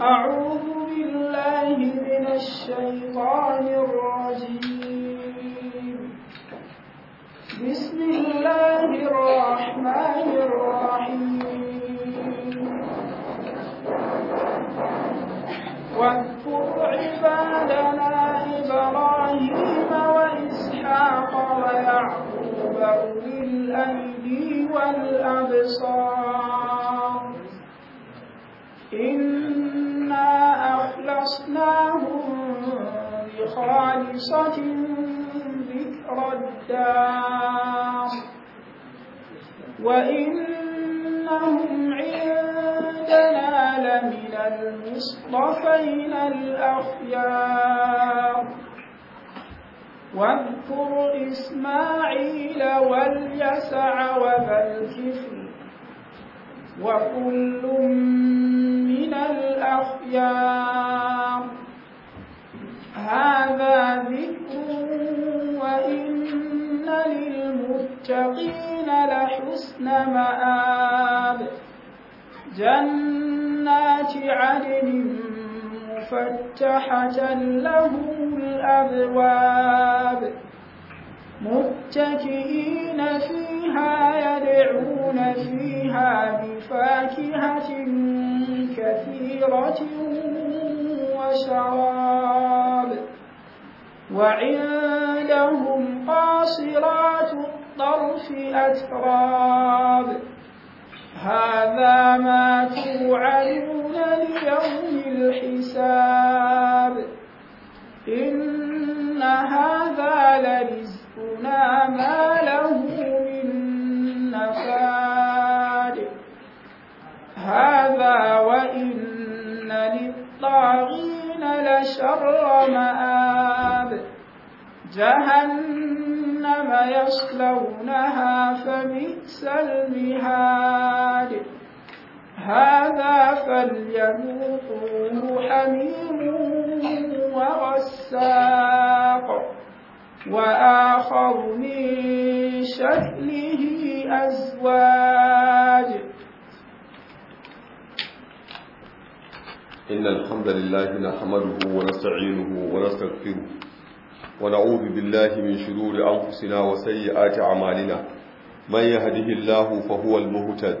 أعوذ بالله من الشيطان الرجيم بسم الله الرحمن الرحيم واذكر عبادنا إبراهيم وإسحاق ويعقوب أولي الأيدي والأبصار إنا أخلصناهم بخالصة ذكر الدار وإنهم عندنا لمن المصطفين الأخيار واذكر إسماعيل واليسع وذا الكفل وكل الأخيار هذا ذكر وإن للمتقين لحسن مآب جنات عدن مفتحة لهم الأبواب متكئين فيها يدعون فيها بفاكهة كثيرة وشراب وعندهم قاصرات الطرف أتراب هذا ما توعدون ليوم الحساب إن هذا لرزق إلا ما له من نفاد هذا وإن للطاغين لشر مآب جهنم يصلونها فبئس المهاد هذا فليذوقوه حميم وغساق وآخر من شكله أزواج إن الحمد لله نحمده ونستعينه ونستغفره ونعوذ بالله من شرور أنفسنا وسيئات أعمالنا من يهده الله فهو المهتد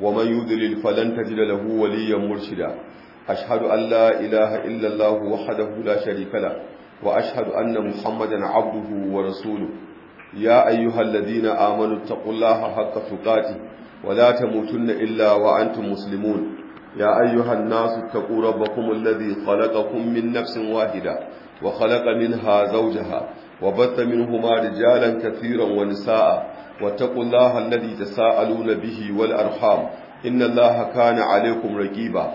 ومن يذلل فلن تجد له وليا مرشدا أشهد أن لا إله إلا الله وحده لا شريك له وأشهد أن محمدا عبده ورسوله يا أيها الذين آمنوا اتقوا الله حق تقاته ولا تموتن إلا وأنتم مسلمون يا أيها الناس اتقوا ربكم الذي خلقكم من نفس واحدة وخلق منها زوجها وبث منهما رجالا كثيرا ونساء واتقوا الله الذي تساءلون به والأرحام إن الله كان عليكم رقيبا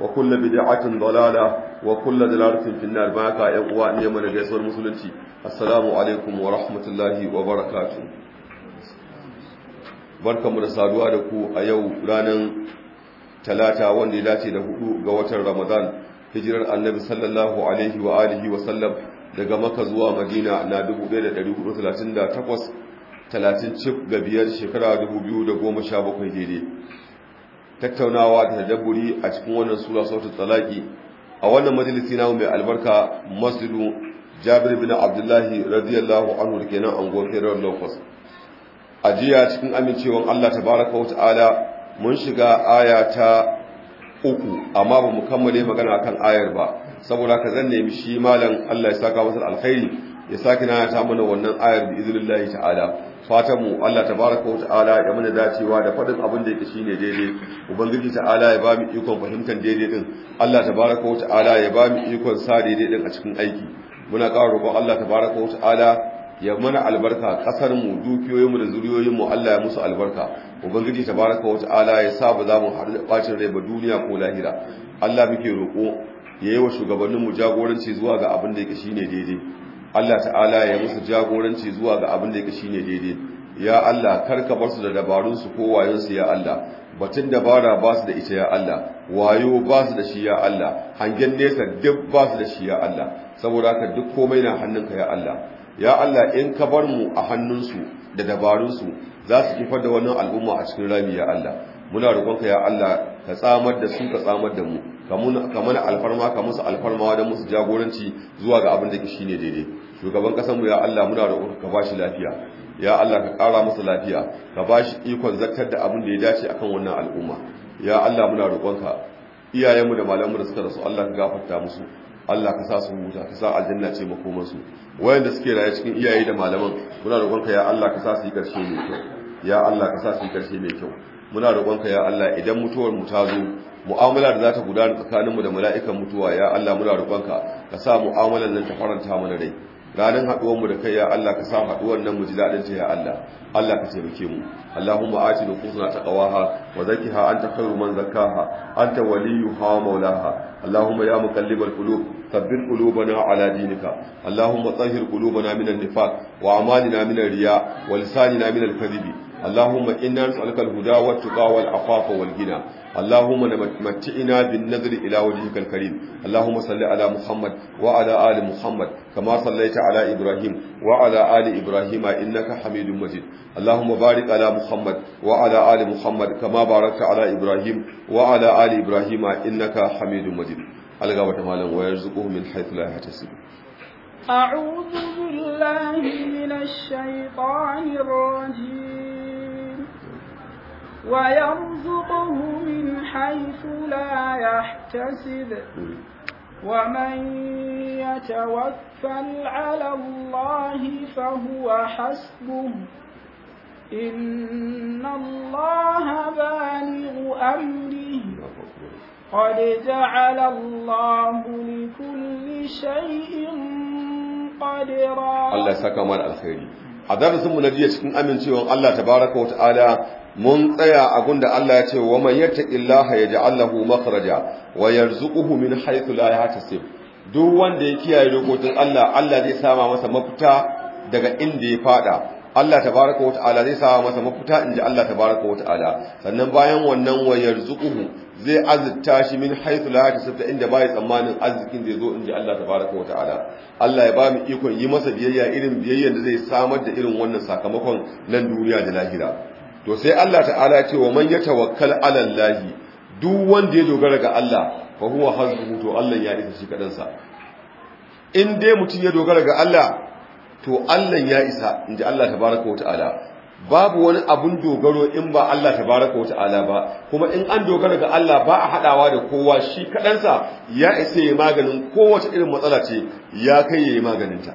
wa kullu bid'atin dalala wa kullu dalalatin fi nar baka yan uwa ne mana gaisuwar musulunci assalamu alaikum wa rahmatullahi wa barakatuh barkamu da saduwa da ku a yau ranar talata wanda ya dace da hudu ga watan ramadan hijirar annabi sallallahu alaihi wa wa sallam daga maka zuwa madina na 1438 30 cif ga biyar shekara 2017 daidai tattaunawa da tadabburi a cikin wannan sura sautin talaki a wannan majalisi na mai albarka masjidu jabir bin abdullahi radiyallahu anhu da kenan an gofe rawar lokos a jiya cikin amincewan allah baraka wa ta'ala mun shiga aya ta uku amma ba mu kammale magana akan ayar ba saboda ka zan nemi shi malam allah ya saka masa alkhairi ya sake na ta mana wannan ayar bi iznillahi ta'ala fatan mu Allah tabaraka wataala ya mana dacewa da fadin abin da yake shine daidai ubangiji ta'ala ya ba mu ikon fahimtar daidai din Allah tabaraka wataala ya ba mu ikon sa daidai din a cikin aiki muna ƙara roƙon Allah tabaraka wataala ya mana albarka kasar mu dukiyoyin mu da zuriyoyin mu Allah ya musu albarka ubangiji tabaraka wataala ya sa ba za mu haɗu da bacin rai ba duniya ko lahira Allah muke roƙo yayi wa shugabannin mu jagoranci zuwa ga abin da yake shine daidai Allah ta'ala ya musu jagoranci zuwa ga abin da yake shine daidai ya Allah karka bar su da dabarun su ko wayon su ya Allah batun dabara ba su da ita ya Allah wayo ba su da shi ya Allah hangen nesa duk ba su da shi ya Allah saboda haka duk komai na hannunka ya Allah ya Allah in ka bar mu a hannunsu da dabarunsu za su kifar da wannan al'umma a cikin rami ya Allah muna roƙonka ya Allah ka tsamar da su ka tsamar da mu ka mana alfarma ka musu alfarma da musu jagoranci zuwa ga abin da shi ne daidai shugaban mu ya Allah muna roƙonka ka bashi lafiya ya Allah ka ƙara masa lafiya ka bashi ikon zartar da abin da ya dace akan wannan al'umma ya Allah muna roƙonka iyayenmu da malamu da suka rasu Allah ka gafarta musu Allah ka sa su huta ka sa aljanna ce su. wayanda suke raye cikin iyaye da malaman muna roƙonka ya Allah ka sa su yi karshe mai kyau ya Allah ka sa su yi ƙarshe mai kyau muna roƙonka ya Allah idan mutuwar mu ta zo mu'amala da za ta gudana tsakaninmu da mala'ikan mutuwa ya Allah muna roƙonka ka sa mu'amalan nan ta faranta mana rai ranar mu da kai ya Allah ka sa haɗuwan nan mu ji daɗin ta ya Allah Allah ka taimake mu Allahumma ati nufusuna taqwaha wa zakkiha anta khairu man zakkaha anta waliyuha wa mawlaha Allahumma ya muqallibal qulub ثبت قلوبنا على دينك اللهم طهر قلوبنا من النفاق وأعمالنا من الرياء ولساننا من الكذب اللهم إنا نسألك الهدى والتقى والعفاف والغنى اللهم متعنا بالنظر إلى وجهك الكريم اللهم صل على محمد وعلى آل محمد كما صليت على إبراهيم وعلى آل إبراهيم إنك حميد مجيد اللهم بارك على محمد وعلى آل محمد كما باركت على إبراهيم وعلى آل إبراهيم إنك حميد مجيد ألغى مالا ويرزقه من حيث لا يحتسب أعوذ بالله من الشيطان الرجيم ويرزقه من حيث لا يحتسب ومن يتوكل على الله فهو حسبه إن الله بالغ أمره قد جعل الله لكل شيء قدرا الله يسكى من الخير a darasinmu na jiya cikin amincewan Allah tabaraka wata'ala mun tsaya abun da Allah ya ce wa man yattaqillaha yaj'al lahu makhraja wa yarzuquhu min haythu la yahtasib duk wanda ya kiyaye dokokin Allah Allah zai sama masa mafita daga inda ya fada Allah tabaraka wa ta'ala zai sama masa mafita inda Allah tabaraka wa ta'ala sannan bayan wannan wa yarzuquhu zai azurta shi min haythu la yahtasib inda bai tsammanin arzikin zai zo inda Allah tabaraka wa ta'ala Allah ya ba mu ikon yi masa biyayya irin biyayyar da zai samar da irin wannan sakamakon nan duniya da lahira to sai Allah ta'ala ce wa man ya tawakkal ala Allah duk wanda ya dogara ga Allah fa huwa hazbuhu to Allah ya isa shi kadan sa in dai mutum ya dogara ga Allah to Allah ya isa inji Allah tabaraka wata'ala babu wani abun dogaro in ba Allah tabaraka wata'ala ba kuma in an dogara ga Allah ba a hadawa da kowa shi kadan sa ya isa ya maganin kowace irin matsala ce ya kai ya maganin ta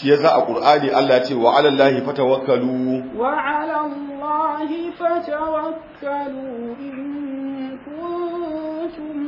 shi yasa a Qur'ani Allah ce wa alallahi Allahi fatawakkalu wa alallahi Allahi fatawakkalu in kuntum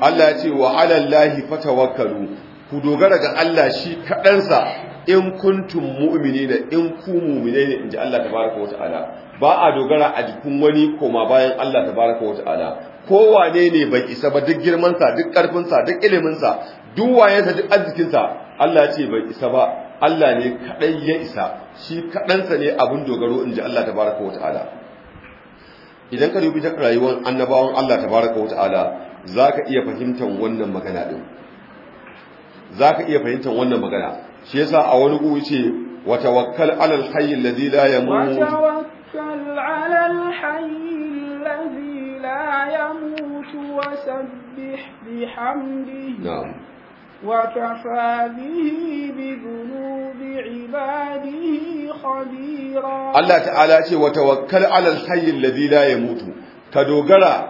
Allah ce wa alallahi fata fatawakkalu ku dogara ga Allah shi kaɗansa in kuntum da in ku mu'mini ne inji Allah tabaraka wa ta'ala ba a dogara a jikin wani koma bayan Allah tabaraka wa ta'ala kowane ne bai isa ba duk girman sa duk karfin sa duk ilimin sa duk wayensa duk arzikin sa Allah ce bai isa ba Allah ne kadai ya isa shi kadansa ne abun dogaro inji Allah tabaraka wataala idan ka dubi rayuwar annabawan Allah tabaraka wataala zaka iya fahimtar wannan magana din zaka iya fahimtar wannan magana shi yasa a wani gugu ce wa tawakkal alal hayy alladhi la yamut wa tawakkal alal hayy alladhi la yamut wa sabbih bihamdihi na'am وكفى به بذنوب عباده خبيرا الله تعالى ce وتوكل على ya mutu, ka dogara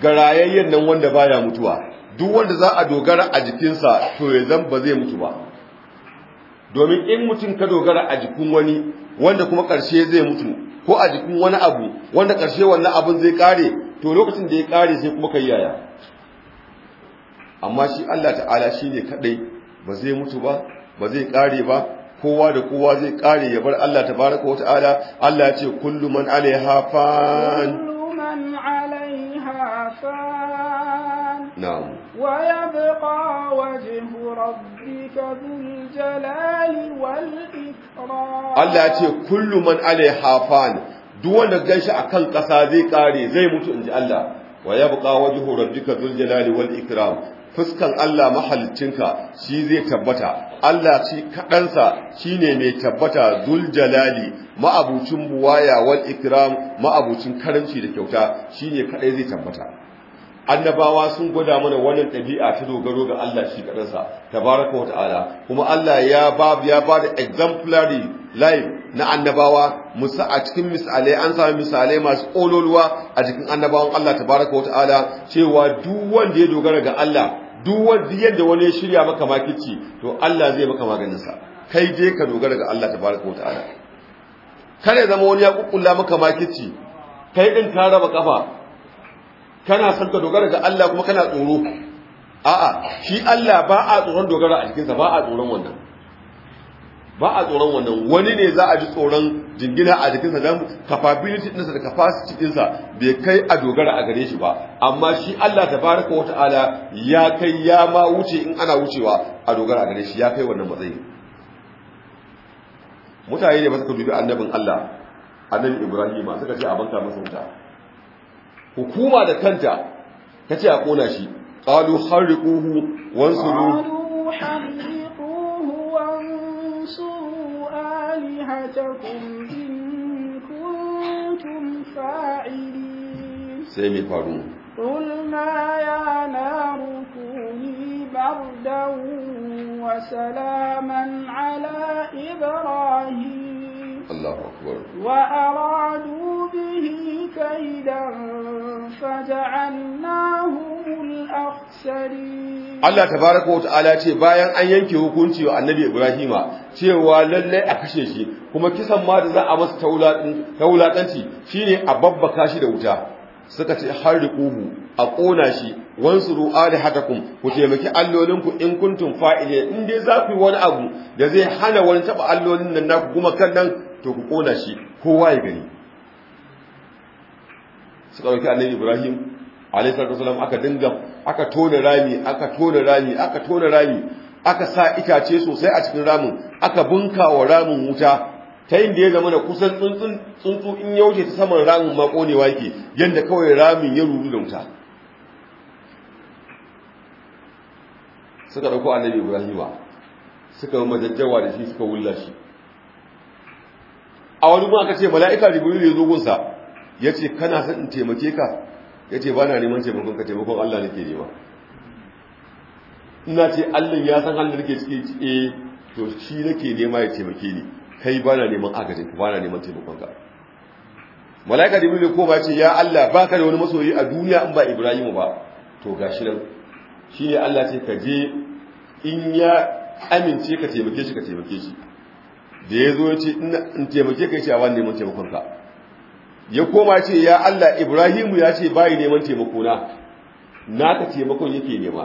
ga garayayyen nan wanda baya mutuwa duk wanda za a dogara a jikinsa to ya zan zai mutu ba domin in mutum ka dogara a jikin wani wanda kuma ƙarshe zai mutu ko a jikin wani abu wanda ƙarshe wannan abin zai ƙare to lokacin da ya ƙare sai kuma kai yaya amma shi Allah ta'ala shi ne kadai ba zai mutu ba ba zai kare ba kowa da kowa zai kare ya bar Allah baraka wa ta'ala Allah ya ce kullu man alaiha fan na'am wa yabqa wajhu rabbika dhul jalali wal ikram Allah ya ce kullu man alaiha fan duk wanda ganshi akan kasa zai kare zai mutu inji Allah wa yabqa wajhu rabbika dhul jalali wal ikram fuskan Allah mahalicinka shi zai tabbata Allah shi kadansa shine mai tabbata zul jalali ma'abucin buwaya wal ikram ma'abucin karanci da kyauta shi ne kadai zai tabbata annabawa sun gwada mana wannan dabi'a ta dogaro ga Allah shi kadansa tabaraka wa ta'ala kuma Allah ya ba ya ba da exemplary life na annabawa musa a cikin misalai an sami misalai masu ƙololuwa a cikin annabawan Allah baraka wa ta'ala cewa duk wanda ya dogara ga Allah duk wanda yadda wani ya shirya maka makici to Allah zai maka maganinsa kai je ka dogara ga Allah baraka wa ta'ala kare zama wani ya kukkulla maka makici kai din ka raba kafa kana son ka dogara ga Allah kuma kana tsoro a'a shi Allah ba a tsoron dogara a cikinsa ba a tsoron wannan ba a tsoron wannan wani ne za a ji tsoron jingina a jikinsa don capability ɗinsa da capacity ɗinsa bai kai a dogara a gare shi ba amma shi Allah ta fara wa ta'ala ya kai ya ma wuce in ana wucewa a dogara a gare shi ya kai wannan matsayi mutane ne ba suka dubi annabin Allah annabi Ibrahim suka ce a banka masa wuta hukuma da kanta ta ce a kona shi qalu harriquhu صلاتكم إن كنتم فاعلين سيمي فارون قلنا يا نار كوني بردا وسلاما على إبراهيم الله أكبر وأرادوا به كيدا فجعلناهم الأخسرين Allah tabaraka wata'ala ce bayan an yanke hukunci wa annabi Ibrahim, cewa lallai a kashe shi kuma kisan ma da za a masa taulatanci shine a babbaka shi da wuta suka ce kuhu a ƙona shi wansu wansuru alihatakum ku taimaki allolinku in kuntum fa'ile in dai za ku wani abu da zai hana wani taba allolin nan naku kuma kan nan to ku kona shi kowa ya gani suka dauki annabi Ibrahim alaihi salatu aka dinga aka tona rami aka tona rami aka tona rami aka sa itace sosai a cikin ramin aka bunka wa ramin wuta ta yin da ya zama da kusan tsuntsu in ya wuce ta saman ramin makonewa yake yadda kawai ramin ya ruru da wuta suka ɗauko annabi ibrahima suka yi majajjawa da shi suka wulla shi a wani ma aka ce mala'ika jibril ya zo gunsa ya ce kana son in taimake ka ya ce ba na neman taimakon ka taimakon Allah nake nema ina ce Allah ya san halin da nake ciki eh to shi nake nema ya taimake ni kai ba na neman agajin ka ba na neman taimakon ka malaika jibril ko ba ce ya Allah ba ka da wani masoyi a duniya in ba Ibrahim ba to gashi nan shi ne Allah ce ka je in ya amince ka taimake shi ka taimake shi da ya zo ya ce in taimake ka shi ce a wani neman taimakon ka ya koma ce ya Allah Ibrahimu ya ce bayi neman taimakona. na naka taimakon yake nema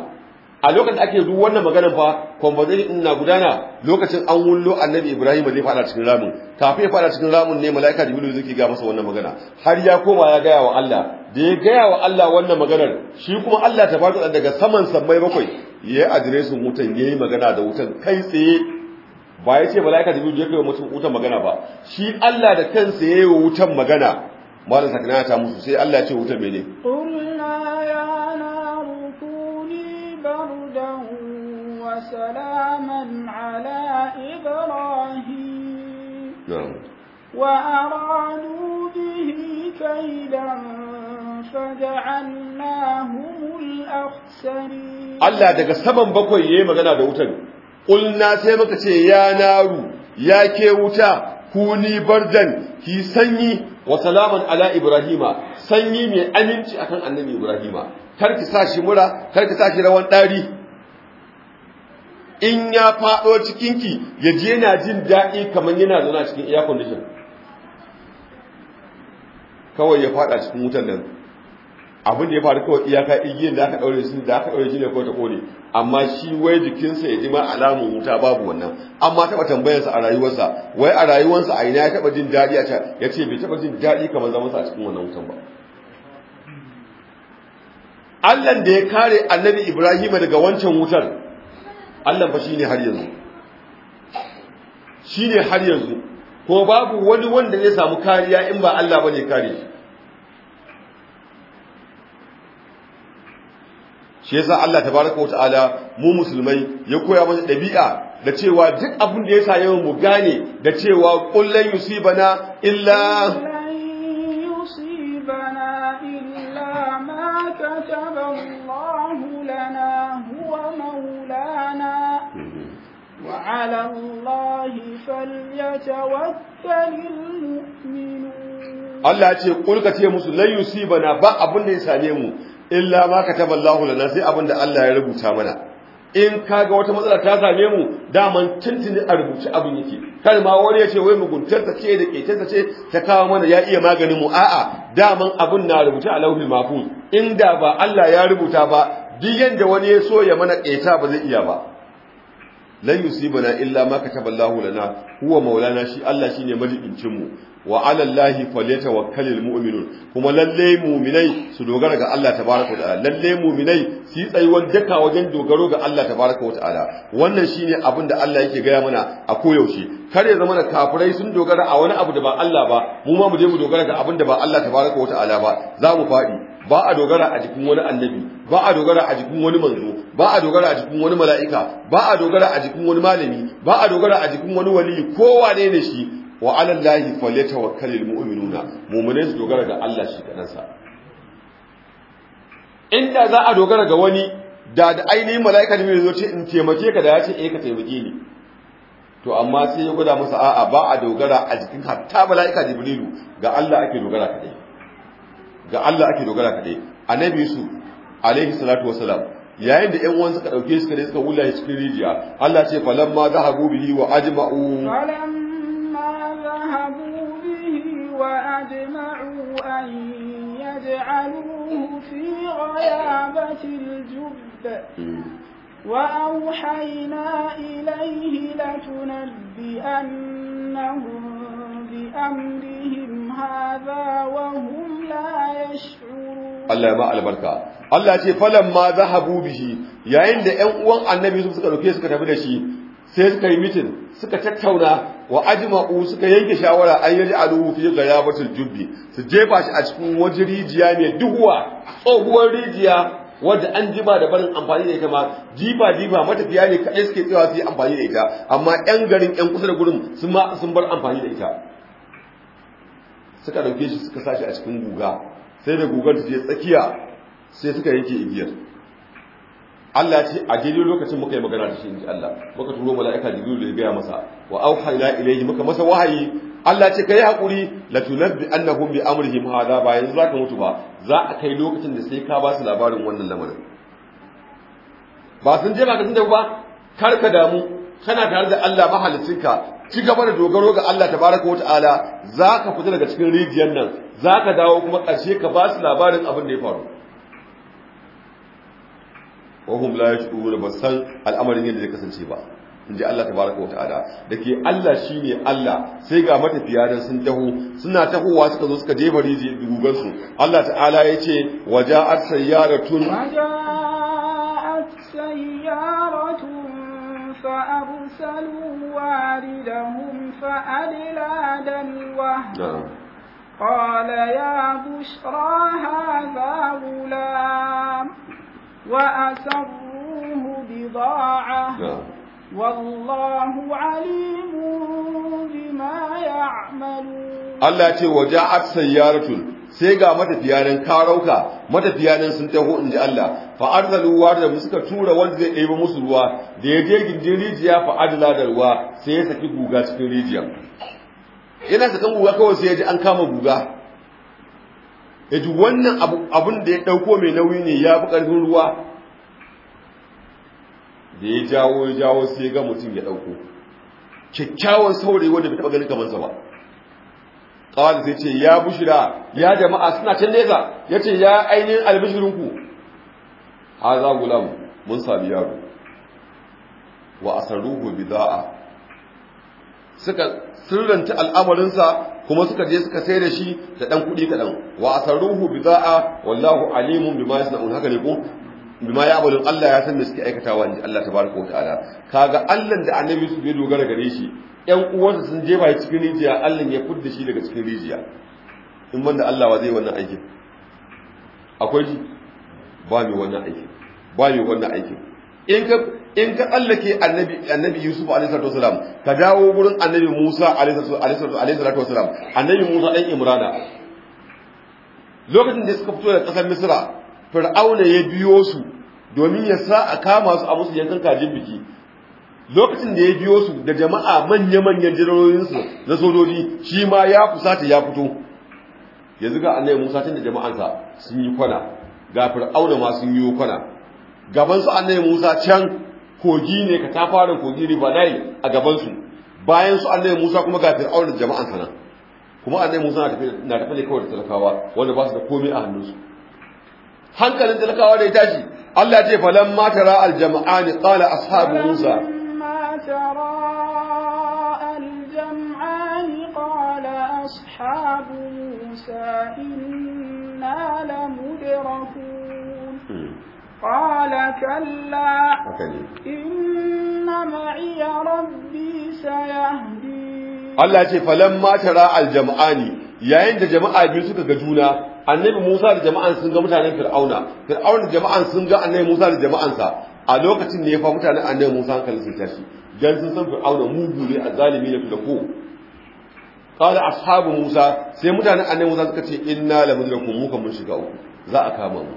a lokacin ake duk wannan maganar fa conversation ina gudana lokacin an wullo annabi Ibrahim zai fada cikin ramin kafin ya fada cikin ramin ne malaika Jibril zai ga masa wannan magana har ya koma ya gaya wa Allah da ya gaya wa Allah wannan maganar shi kuma Allah ta fado daga saman sammai bakwai ya yi adiresin wutan yi magana da wutan kai tsaye ba ya ce malaika Jibril ya kai wa mutum wutan magana ba shi Allah da kansa yi wa wutan magana malam sakana ta musu sai Allah ya ce wutar mene qulna ya naru bardan wa salaman ala ibrahim wa aradu bihi kaidan faj'alnahum al Allah daga saman bakwai yayi magana da wutar qulna sai muka ce ya naru ya ke wuta kuni bardan ki sanyi wa salaman ala ibrahima sanyi mai aminci akan annabi ibrahima kar ki sa mura kar ki sa rawan dari in ya fado cikin ki ya je yana jin daɗi kamar yana zauna cikin air condition kawai ya fada cikin wutan nan abin da ya faru kawai iyaka igiyar da aka daure shi da aka daure shi ne kawai ta kone amma shi wai jikinsa ya jima alamun wuta babu wannan amma taba tambayarsa a rayuwarsa wai a rayuwarsa a ina ya taba jin daɗi a can ya ce bai taba jin daɗi kamar zamansa a cikin wannan wutan ba Allah da ya kare annabi Ibrahim daga wancan wutar Allah ba shine har yanzu shine har yanzu ko babu wani wanda zai samu kariya in ba Allah bane kare shi shi yasa Allah tabaraka wa ta'ala mu musulmai ya koya mana ɗabi'a da cewa duk abin da ya sa yawan mu gane da cewa kullan yusibana illa illa Allah ya ce kulka ce musu lan bana ba abin da ya same mu illa ma kataballahu lana sai abinda Allah ya rubuta mana in kaga wata matsala ta same mu daman tuntuni a rubuce abin yake kar ma wani ya ce wai muguntarsa ce da ƙetarsa ce ta kawo mana ya iya maganin mu a'a daman abin na rubuce a lauhul mafun inda ba Allah ya rubuta ba duk yanda wani ya so ya mana ƙeta ba zai iya ba lan yusibuna illa ma kataballahu lana huwa maulana shi Allah shine majibincin mu wa ala allahi falyatawakkalul mu'minun kuma lalle mu'minai su dogara ga Allah tabaraka wa ta'ala lalle mu'minai su yi tsayuwar daka wajen dogaro ga Allah tabaraka wa ta'ala wannan shine abin da Allah yake gaya mana a koyaushe kar ya zama na kafirai sun dogara a wani abu da ba Allah ba mu ma mu je mu dogara ga abin da ba Allah tabaraka wa ta'ala ba za mu faɗi ba a dogara a jikin wani annabi ba a dogara a jikin wani manzo ba a dogara a jikin wani mala'ika ba a dogara a jikin wani malami ba a dogara a jikin wani wali kowa ne ne shi wa ala llahi falyatawakkalul mu'minuna mu'minai su dogara ga Allah shi kadan sa inda za a dogara ga wani da da ainihin mala'ika ne zo ce in taimake ka da ya ce eh ka taimake ni to amma sai ya gwada masa a'a ba a dogara a jikin hatta mala'ika jibrilu ga Allah ake dogara kadai ga Allah ake dogara kadai annabi su alaihi salatu wasalam yayin da ƴan uwan suka dauke shi kadai suka wula shi cikin rijiya Allah ce falamma zahabu bihi wa ajma'u ذهبوا به وأجمعوا أن يجعلوه في غيابة الجب وأوحينا إليه لتنبئنهم بأمرهم هذا وهم لا يشعرون الله ما البركة Allah ce falan ma zahabu bihi yayin da ƴan uwan annabi su suka dauke suka tafi da shi sai suka yi mitin suka tattauna wa ajma'u suka yanke shawara an yaji aluhu fi ghayabatul jubbi su jefa shi a cikin wajen rijiya mai duhuwa tsohuwar rijiya wadda an jiba da barin amfani da ita ma jiba jiba matafiya ne kaɗai suke tsawa su yi amfani da ita amma yan garin yan kusa da gurin sun ma sun bar amfani da ita suka ɗauke shi suka sashi a cikin guga sai da gugar ta je tsakiya sai suka yanke igiyar Allah ce a daidai lokacin muka yi magana da shi inji Allah muka turo mala'ika jibril da ya gaya masa wa ila ilayhi muka masa wahayi Allah ce ka kai hakuri la tunabbi annahum bi ma za ba yanzu zaka mutu ba za a kai lokacin da sai ka ba su labarin wannan lamarin ba sun je ba ka tunda ba kar ka damu kana tare da Allah mahalicinka ci gaba da dogaro ga Allah tabaraka za zaka fita daga cikin rijiyar nan zaka dawo kuma ƙarshe ka ba su labarin abin da ya faru wahum la yashuru ba san al'amarin yadda zai kasance ba in ji Allah tabaraka wa ta'ala da ke Allah shine Allah sai ga matafiya dan sun taho suna tahowa suka zo suka jefa riji dugugan su Allah ta'ala ya ce waja'at sayyaratun waja'at sayyaratun fa arsalu waridahum fa adla wa qala ya bushra hadha غلام وأسروه بضاعة والله عليم بما يعملون الله يقول وجاءت سيارة sai ga matafiyanin karauka matafiyanin sun taho in ji Allah fa arzalu ruwa da suka tura wanda zai ɗebo musu ruwa da ya je gindin rijiya fa adala da ruwa sai ya saki guga cikin rijiya yana sakan guga kawai sai ya ji an kama guga ya ji wannan abin da ya ɗauko mai nauyi ne ya fi ƙarfin ruwa da ya jawo ya jawo sai ya ga mutum ya ɗauko kyakkyawan saurayi wanda bai taɓa ganin kamansa ba tsawon sai ce ya bushira ya jama'a suna can nesa ya ce ya ainihin albishirinku ha za gulam mun sami yaro wa asaruhu bida'a suka sirranta al'amarinsa kuma suka je suka sai da shi da dan kuɗi kaɗan wa asaruhu bida'a wallahu alimun bima yasna'un haka ne ko bima ya abudu Allah ya san me suke aikatawa ne Allah tabaraka wa ta'ala kaga Allah da annabi su bai dogara gare shi ɗan uwansa sun je bai cikin rijiya Allah ya fudda shi daga cikin rijiya in banda Allah wa zai wannan aikin akwai ji ba mai wannan aikin ba mai wannan aikin in ka in ka tsallake annabi yusuf a.s.w. ka dawo wurin annabi musa a.s.w. annabi musa ɗan imrana lokacin da suka fito da ƙasar misira fir'auna ya biyo su domin ya sa a kama su a musu yankan kajin biki lokacin da ya biyo su da jama'a manya-manyan jirarorinsu na sojoji shi ma ya ta ya fito yanzu ga annabi musa tun da jama'ansa sun yi kwana ga fir'auna ma sun yi kwana gabansu annabi musa can kogi ne ka tafarin kogi riba nai a gabansu bayan su annabi musa kuma ga fir'auna da jama'an sana kuma annabi musa na tafi na tafi ne kawai da talakawa wanda ba su da komai a hannunsu hankalin talakawa da ya tashi Allah ce falan ma tara al jama'ani qala ashabu musa قال كلا إن معي ربي سيهدين الله يقول فلما ترى الجمعان yayin da jama'a biyu suka ga juna annabi Musa da jama'an sun ga mutanen Fir'auna Fir'auna da jama'an sun ga annabi Musa da sa. a lokacin ne ya fa mutanen annabi Musa hankali sun tashi dan sun san Fir'auna mugu ne azalimi ne da ko Kada ashabu Musa sai mutanen annabi Musa suka ce inna la mudrakun mu kan mun shiga uku za a kama mu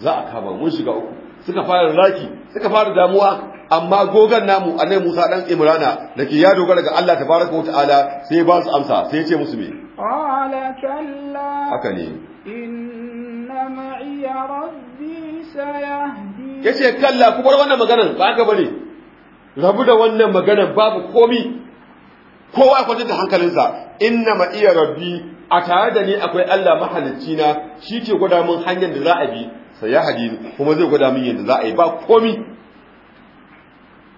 za a kama mun shiga uku suka fara laki, suka fara damuwa amma gogan namu annabi Musa dan Imrana dake ya dogara ga Allah tabaraka wataala sai ba su amsa sai ya ce musu me qala kalla haka ne inna ma'iya rabbi sayahdi yace kalla ku bar wannan maganar ba ka bare rabu da wannan maganar babu komi kowa kwata da hankalinsa inna ma'iya rabbi a tare da ni akwai Allah mahalicci na shi ke gwada mun hanyar da za a bi sai ya haji kuma zai gwada min yadda za a yi ba komi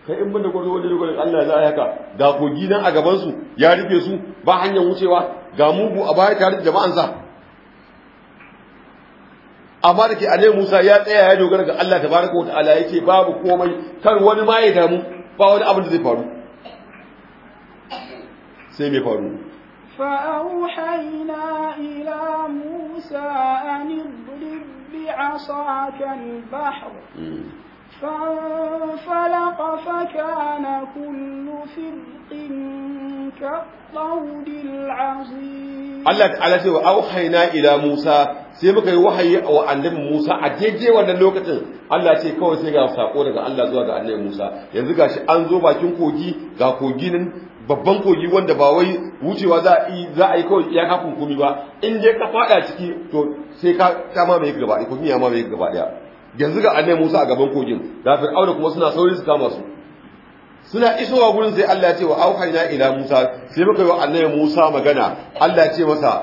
kai in banda gwarzo wanda dogon Allah za a haka ga kogi nan a gabansu ya rufe su ba hanyar wucewa ga mugu a baya tare da sa. amma da ke annabi Musa ya tsaya ya dogara ga Allah tabaraka wa ta'ala yace babu komai kar wani ma ya damu ba wani abin da zai faru sai mai faru فأوحينا إلى موسى أن اضرب بعصاك البحر فانفلق فكان كل فرق كالطود العظيم Allah ta'ala ce wa auhayna ila Musa sai muka yi wahayi wa annabi Musa a daidai wannan lokacin Allah ce kawai sai ga sako daga Allah zuwa ga annabi Musa yanzu gashi an zo bakin kogi ga kogi nan babban kogi wanda ba wai wucewa za a yi za a yi kawai ya kafin komi ba in je ka fada ciki to sai ka ta ma mai gaba ɗaya kogi ya ma mai gaba ɗaya yanzu ga annabi Musa a gaban kogin da Fir'auna kuma suna sauri su kama su suna isowa gurin sai Allah ya ce wa auhayna ila Musa sai muka yi wa annabi Musa magana Allah ya ce masa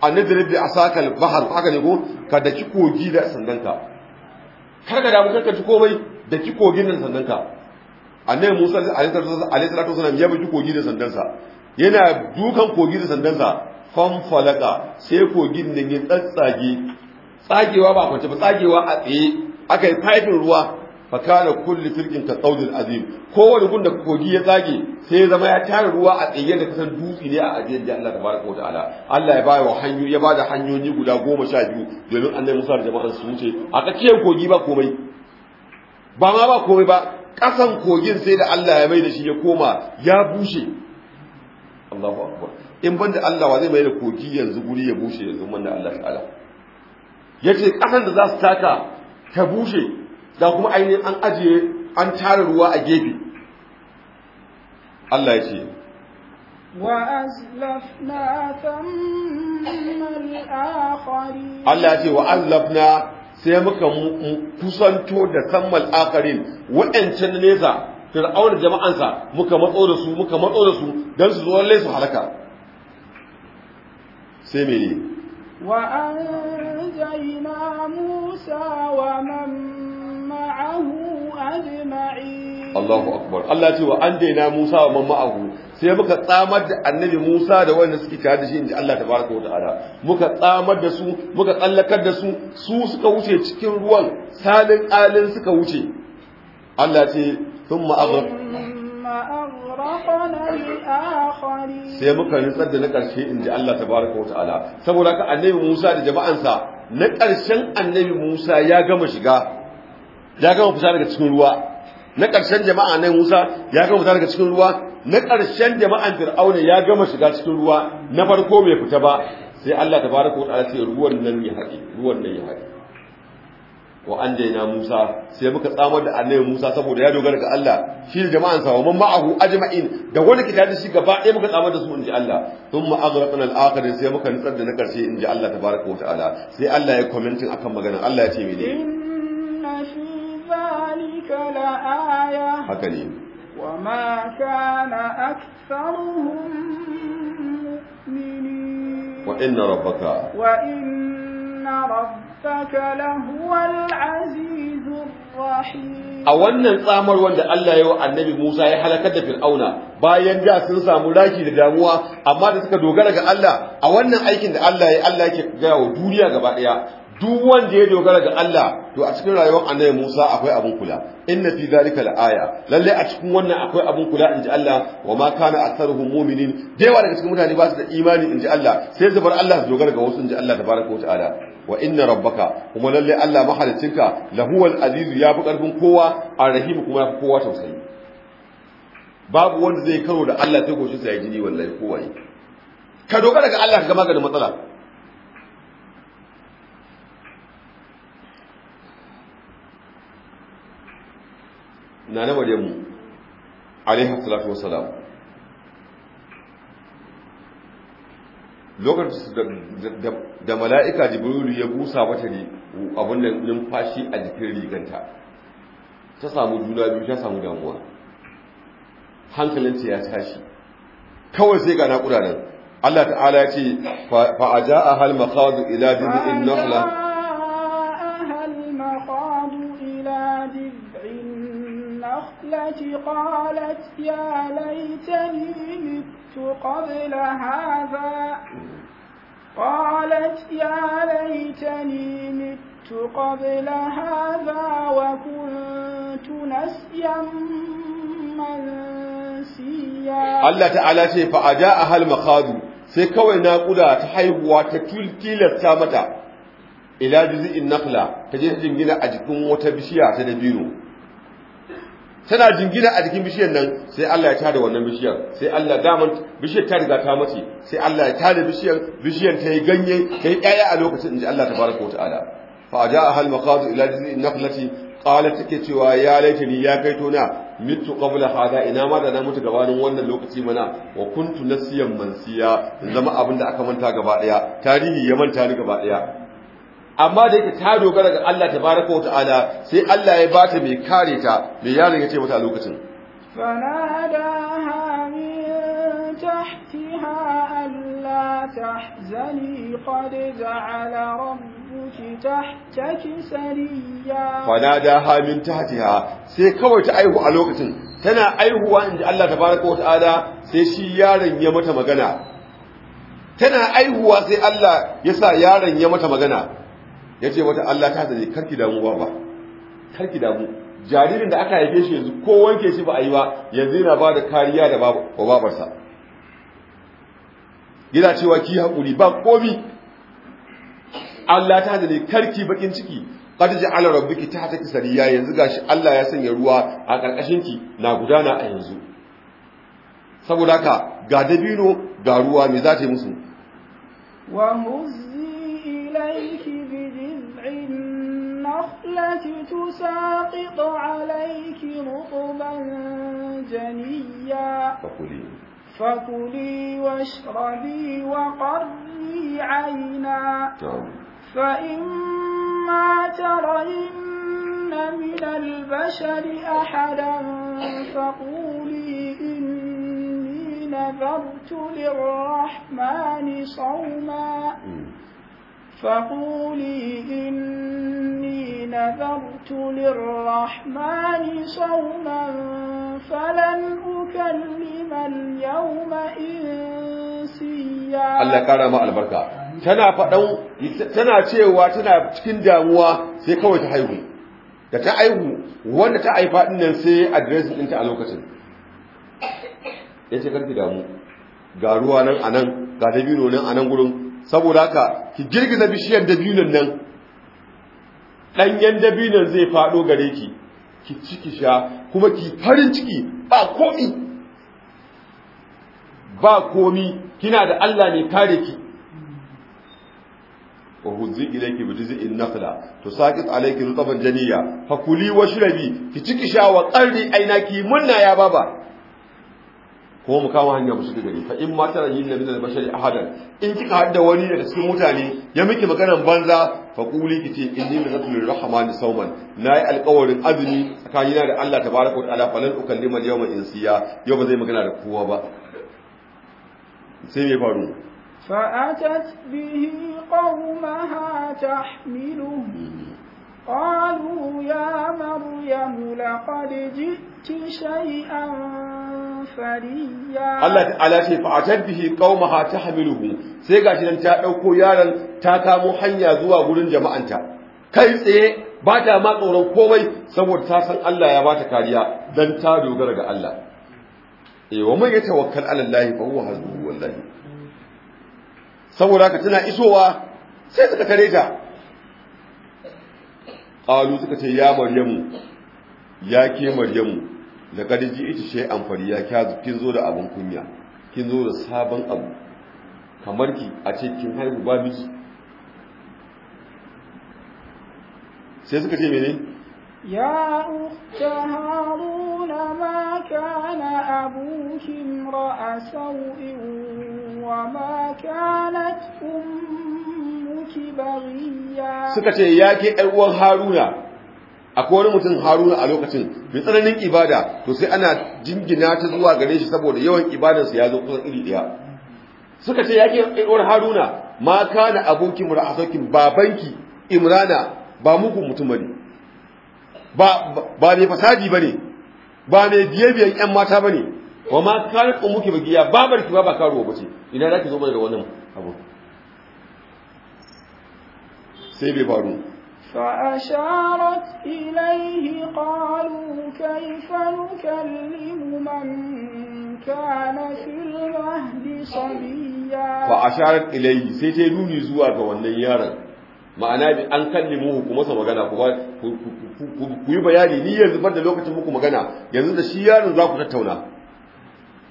annabi a asakal bahar haka ne ko ka daki kogi da sandanka kar ka damu kar ka ci komai daki kogin nan sandanka annabi Musa alaihi salatu wasalam ya bugi kogi da sandansa yana dukan kogi da sandansa fan falaka sai kogin nan ya tsatsage tsagewa ba kwance ba tsagewa a tsaye aka yi faifin ruwa fakana kulli firqin ka tsawdil azim kowane gun kogi ya tsage sai zama ya tare ruwa a tsaye da kasan dutse ne a ajiyar da Allah tabaraka wataala Allah ya bayar wa ya bada hanyoyi guda goma sha biyu domin annabi Musa da jama'ar su wuce a tsakiyar kogi ba komai ba ma ba komai ba ƙasan kogin sai da Allah ya mai da shi ya koma ya bushe Allahu akbar in ban da Allah wa zai mai da kogi yanzu guri ya bushe yanzu manna Allah ta'ala yace ƙasan da za su taka ta bushe da kuma ainihin an ajiye an tara ruwa a gefe Allah ya ce وأزلفنا ثم الآخرين الله wa azlafna sai muka kusanto da kammal akarin waɗancan nesa fir'aun jama'ansa muka matso da su muka matso da su don su zo laisu halaka sai mai ne. musa wa man Allahu akbar Allah ce wa an daina Musa wa mamma ahu sai muka tsamar da annabi Musa da wanda suke tare da shi inji Allah tabaraka wa ta'ala muka tsamar da su muka tsallakar da su su suka wuce cikin ruwan salin alin suka wuce Allah ce thumma sai muka nutsar da na ƙarshe inji Allah tabaraka wa ta'ala saboda ka annabi Musa da jama'ansa na ƙarshen annabi Musa ya gama shiga ya gama fita daga cikin ruwa na ƙarshen jama'a nan Musa ya ga fita daga cikin ruwa na ƙarshen jama'an Fir'auna ya gama shiga cikin ruwa na farko bai fita ba sai Allah tabaraka wa ta'ala sai ruwan nan ya haɗe ruwan nan ya haɗe wa an daina Musa sai muka tsamar da annabi Musa saboda ya dogara ga Allah shi da jama'an sa wa man ma'ahu ajma'in da wani ke shi gaba ɗaya muka tsamar da su inji Allah thumma aghraqna al-akhirin sai muka nutsar da na ƙarshe inji Allah tabaraka wa ta'ala sai Allah ya commenting akan maganar Allah ya ce mene ذلك لآية حكني وما كان أكثرهم مؤمنين وإن ربك وإن ربك لهو العزيز الرحيم a wannan tsamar wanda Allah ya wa annabi Musa ya halakar da Fir'auna bayan da sun samu raki da damuwa amma da suka dogara ga Allah a wannan aikin da Allah ya Allah gaya wa duniya gaba daya duk wanda ya dogara ga Allah to a cikin rayuwar annabi Musa akwai abun kula inna fi zalika laaya lalle a cikin wannan akwai abun kula ji Allah wa ma kana aktharuhum mu'minin dai daga cikin mutane ba su da imani inji Allah sai zubar Allah su dogara ga wasu inji Allah tabaraka wa ta'ala wa inna rabbaka kuma lalle Allah mahalicinka lahuwal azizu ya fi karfin kowa arrahim kuma fi kowa tausayi babu wanda zai karo da Allah sai goshin sai ya jini wallahi ka dogara ga Allah ka ga maganin matsala na na maryamu alaihi salatu wasalam lokacin da mala'ika jibrilu ya busa mata ne abin da fashi a jikin riganta ta samu juna biyu ta samu damuwa hankalinta ya tashi kawai sai ga naƙuda nan Allah ta'ala ya ce fa a ja a hal makadu ila bibi in nafla النخلة قالت يا ليتني مت قبل هذا قالت يا ليتني مت قبل هذا وكنت نسيا منسيا الله تعالى ce fa aja'aha al-makhadu sai kawai naƙuda ta haihuwa ta tilasta mata ila juz'in nafla ta je jingina a jikin wata bishiya ta dabino tana jingina a jikin bishiyar nan sai Allah ya tada wannan bishiyar sai Allah damar bishiyar ta riga ta mace sai Allah ya tada bishiyar bishiyar ta yi ganye ta yi ɗaya a lokacin inji Allah tabaraka wa ta'ala fa a hal maqadu ila jinni naqlati qalat take cewa ya laitani ya kai tona mitu qabla hada ina ma da na mutu gabanin wannan lokaci mana wa kuntu siyan mansiya zama abin da aka manta gaba daya tarihi ya manta ni gaba daya amma da yake ta dogara ga Allah tabaraka wa ta'ala sai Allah ya bata mai kare ta mai yaron ya ce mata a lokacin fanada ha min ألا تحزني قد sai kawai ta aihu a lokacin tana aihuwa inda Allah tabaraka ta'ala sai shi yaron ya mata magana tana aihuwa sai Allah ya sa yaron ya mata magana ya ce wata Allah ta zaje karki damu ba karki damu jaririn da aka haife shi yanzu ko wanke shi ba a yi ba yanzu yana ba da kariya da babarsa yana cewa ki haƙuri ba komi Allah ta zaje karki bakin ciki qad ki ta ya sariya yanzu gashi Allah ya sanya ruwa a ƙarƙashin ki na gudana a yanzu saboda haka ga dabino ga ruwa me za yi musu النخلة تساقط عليك رطبا جنيا فكلي فكلي واشربي وقري عينا نعم. فإما ترين من البشر أحدا فقولي إني نذرت للرحمن صوما فقولي إني نذرت للرحمن صوما فلن أكلم اليوم إنسيا الله كرم البركة tana faɗan tana cewa tana cikin damuwa sai kawai ta haihu da ta haihu wanda ta haifa din nan sai address ɗinta a lokacin yace karki damu ga ruwa nan anan ga dabino nan anan gurin saboda haka ki girgiza bishiyar dabinon nan ɗanyen dabinon zai faɗo gare ki ki ci sha kuma ki farin ciki ba komi ba komi kina da Allah ne kare ki wa huzzi ilayki bi jiz'in nakhla tusaqit alayki rutaban janiya fakuli washrabi ki ciki sha wa qarri aynaki munna ya baba ko mu kama hanya mu shiga gari fa in ma tara yin nabi da bashari ahadan in kika hadda wani daga cikin mutane ya miki maganar banza fa quli kici inni nazatu rahmani sauman nayi alƙawarin azumi tsakanina da Allah tabaraka wa ta'ala lan ukallima yawma insiya yau ba zai magana da kowa ba sai me faru fa atat bihi qawmaha tahmiluhu hmm. قالوا يا مريم لقد جئت شيئا فريا ta تعالى ce fa atadbihi qaumaha tahmiluhu sai shi nan ta ɗauko yaron ta kamo hanya zuwa gurin jama'anta kai tsaye ba ta ma tsoron komai saboda ta san Allah ya bata kariya dan ta dogara ga Allah E, wa mai tawakkal ala Allah fa huwa hasbuhu wallahi saboda haka tana isowa sai suka kare ta ƙalu suka ce ya maryamu ya ke maryamu da ita ce shay'an ya kya kin zo da abin kunya kin zo da sabon abu kamar ki a ce kin haihu ba miki sai suka ce mene ya ukhta haruna ma kana abuki ra'a sau'in wa ma kanat ummu suka ce ya ke uwan haruna a kowane mutum haruna a lokacin mai tsananin ibada to sai ana jingina ta zuwa gare shi saboda yawan ibadarsa ya zo kusan iri ɗaya suka ce ya ke uwan haruna ma na abokin mura'asokin babanki imrana ba muku mutum ba ba ba ne fasadi ne, ba ne biye-biyen yan mata ba ne, wa ma kana umuki bagiya babarki ba ba karuwa bace ina ki zo mana da wannan abu sai bai faru فأشارت إليه قالوا كيف نكلم sai كان في المهد صبيا فأشارت إليه سيتنوني ma'ana bi an kallimu ku masa magana ku yi bayani ni yanzu bar da lokacin muku magana yanzu da shi yaron za ku tattauna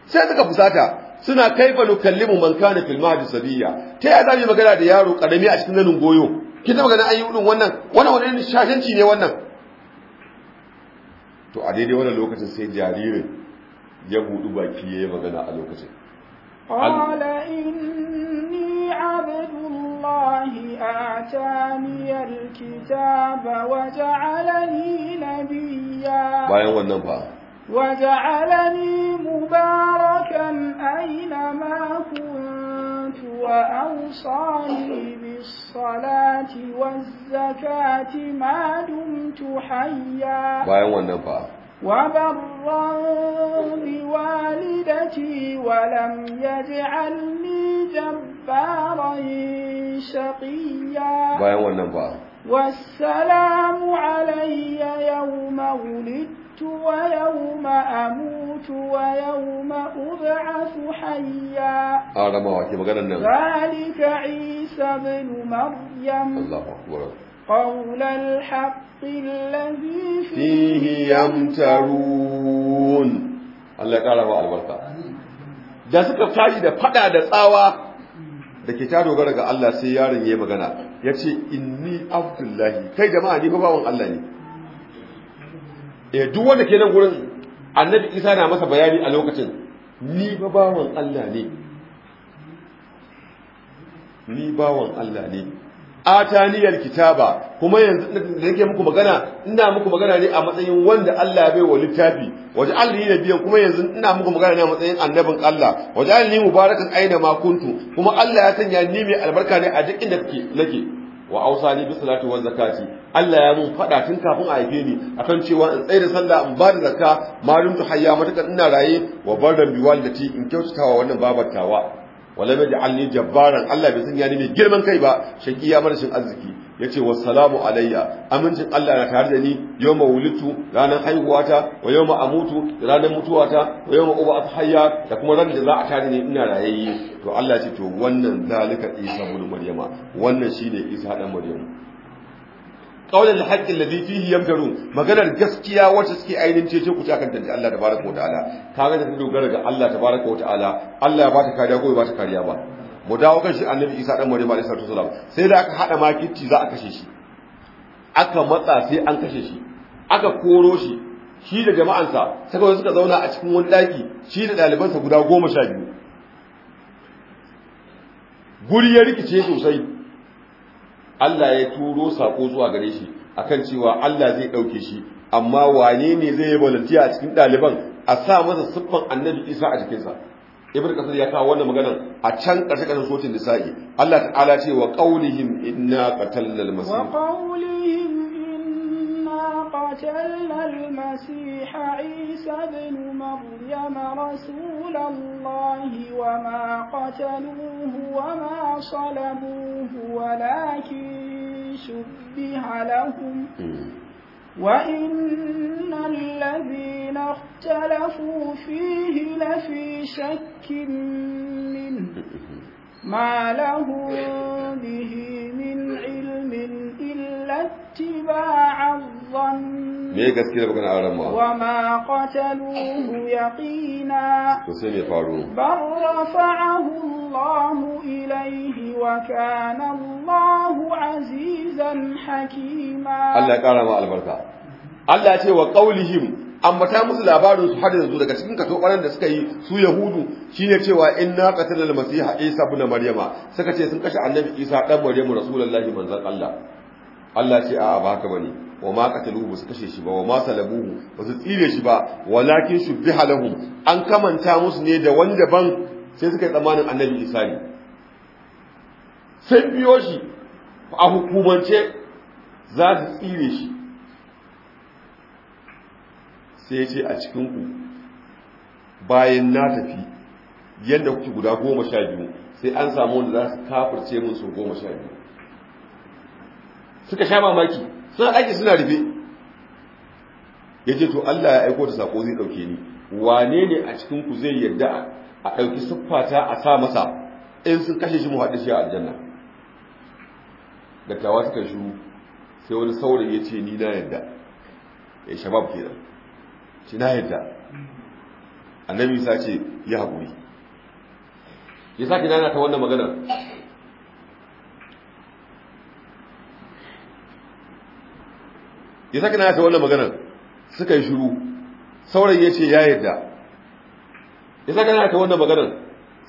sai suka fusata suna kaifa nukallimu man kana fil mahdi sabiya ta ya zamu magana da yaro karami a cikin nanin goyo kin magana an yi irin wannan wannan wani shashanci ne wannan to a daidai wannan lokacin sai jaririn ya budu baki ya yi magana a lokacin qala inni abdullahi atani alkitaba wa ja'alani nabiyya bayan wannan ba. ja'alani mubarakan aina ma كنت وأوصاني بالصلاة والزكاة ما دمت حيا وبرا بوالدتي ولم يجعلني جبارا شقيا والسلام علي يوم ولدت أحييت ويوم أموت ويوم أبعث حيا ذلك عيسى بن مريم الله أكبر قول الحق الذي فيه يمترون Allah ya ƙara wa albarka da suka tashi da fada da tsawa da ke ta dogara ga Allah sai yaron ya magana ya ce inni abdullahi kai jama'a ni bawan Allah ne eh duk wanda ke nan gurin annabi isa na masa bayani a lokacin ni ba bawan Allah ne ni bawan Allah ne ataniyar kitaba kuma yanzu da nake muku magana ina muku magana ne a matsayin wanda Allah ya baiwa littafi waje Allah ne biyan kuma yanzu ina muku magana ne a matsayin annabin Allah waje Allah ne mubarakan aina makuntu. kuma Allah ya sanya ni mai albarka ne a duk inda kake nake wa ausani bi salati wa zakati Allah ya mun faɗa tun kafin a haife ni akan cewa in tsaye da sallah in ba da zakka malum tu hayya matakan ina raye wa bardan bi walidati in kyautatawa wannan babar tawa wala alli jabbaran Allah bai sanya ni mai girman kai ba mara shin arziki yace salamu alayya amincin Allah na tare da ni yawma wulitu ranar haihuwata wa yawma amutu ranar mutuwata wa uba ub'at hayya da kuma ran da za a tare ni ina rayayye to Allah ya ce to wannan zalika isa bulu maryama wannan shine isa dan maryama qawlan al-haqqi alladhi fihi yamtarun maganar gaskiya wacce suke ainihin cece ku ta kan tantan Allah tabaraka wa ta'ala kaga da dogara ga Allah tabaraka wa ta'ala Allah ya bata kariya ko ya bata kariya ba mu dawo kan shi annabi Isa dan Maryam alayhi salatu wasalam sai da aka hada makici za a kashe shi aka matsa sai an kashe shi aka koro shi shi da jama'ansa saka suka zauna a cikin wani daki shi da dalibansa guda goma sha biyu guri ya rikice sosai Allah ya turo sako zuwa gare shi akan cewa Allah zai ɗauke shi amma wane ne zai yi volunteer a cikin ɗaliban a sa masa siffan annabi isa a jikinsa ibn kasir ya kawo wannan maganar a can ƙarshe ƙarshen sotin nisa'i Allah ta'ala ce wa qaulihim inna qatalnal masih wa qaulihim قتلنا المسيح عيسى ابن مريم رسول الله وما قتلوه وما صلبوه ولكن شبه لهم وإن الذين اختلفوا فيه لفي شك منه ما لهم به من علم إلا اتباع الظن me gaskiya baka na aran ma wa ma qataluhu yaqina to sai me faru bar rafa'ahu Allah ilayhi wa kana azizan hakima Allah ya ma albarka Allah ya ce wa qaulihim ambata musu labarin su har yanzu daga cikin katobaran da suka yi su yahudu shi ne cewa in na qatala al-masiha isa ibn maryama suka ce sun kashe annabi isa ɗan maryamu rasulullahi manzan Allah Allah ce a'a ba ka bane wa ma qataluhu su kashe shi ba wa ma salabuhu ba su tsire shi ba walakin bi lahum an kamanta musu ne da wani daban sai suka yi tsamanin annabi isa ne sai biyo shi a hukumance za su tsire shi sai ya ce a cikinku bayan na tafi yadda kuke guda goma sha biyu sai an samu wanda za su kafirce mun su goma sha biyu suka sha mamaki suna aiki suna rufe ya ce to Allah ya aiko da sako zai ɗauke ni wane ne a cikinku zai yarda a ɗauki siffata a sa masa in sun kashe shi mu haɗe shi a aljanna dattawa suka shuru sai wani saurayi ya ce ni na yarda ya shabab kenan ce yadda annabi sa ce ya haƙuri ya sake nana ta wannan maganar ya sake nana ta wannan maganar suka yi shiru saurayi ya ce ya yadda ya sake nana ta wannan maganar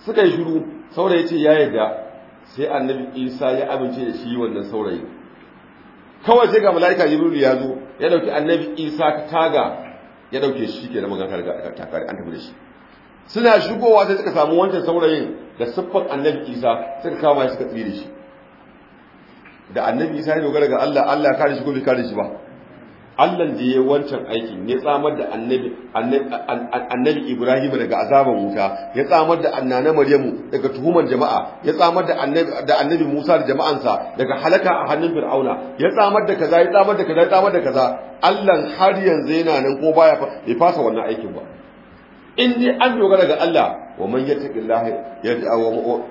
suka yi shiru saurayi ya ce ya yadda sai annabi isa ya amince da shi wannan saurayi kawai sai ga mala'ika jibril ya zo ya dauki annabi isa ta taga ya dauke shi ke da magana ga takari an tafi da shi suna shigowa sai suka samu wancan saurayin da siffar annabi isa suka kama shi suka tsire shi da annabi isa ya dogara ga Allah Allah ya kare shi ko bai kare shi ba Allah da ya wancan aiki ya tsamar da annabi Ibrahim daga azaban wuta ya tsamar da annana Maryamu daga tuhumar jama'a ya tsamar da annabi Musa da jama'ansa daga halaka a hannun Fir'auna ya tsamar da kaza ya tsamar da kaza ya tsamar da kaza Allah har yanzu yana nan ko baya bai fasa wannan aikin ba in dai an dogara ga Allah wa man ya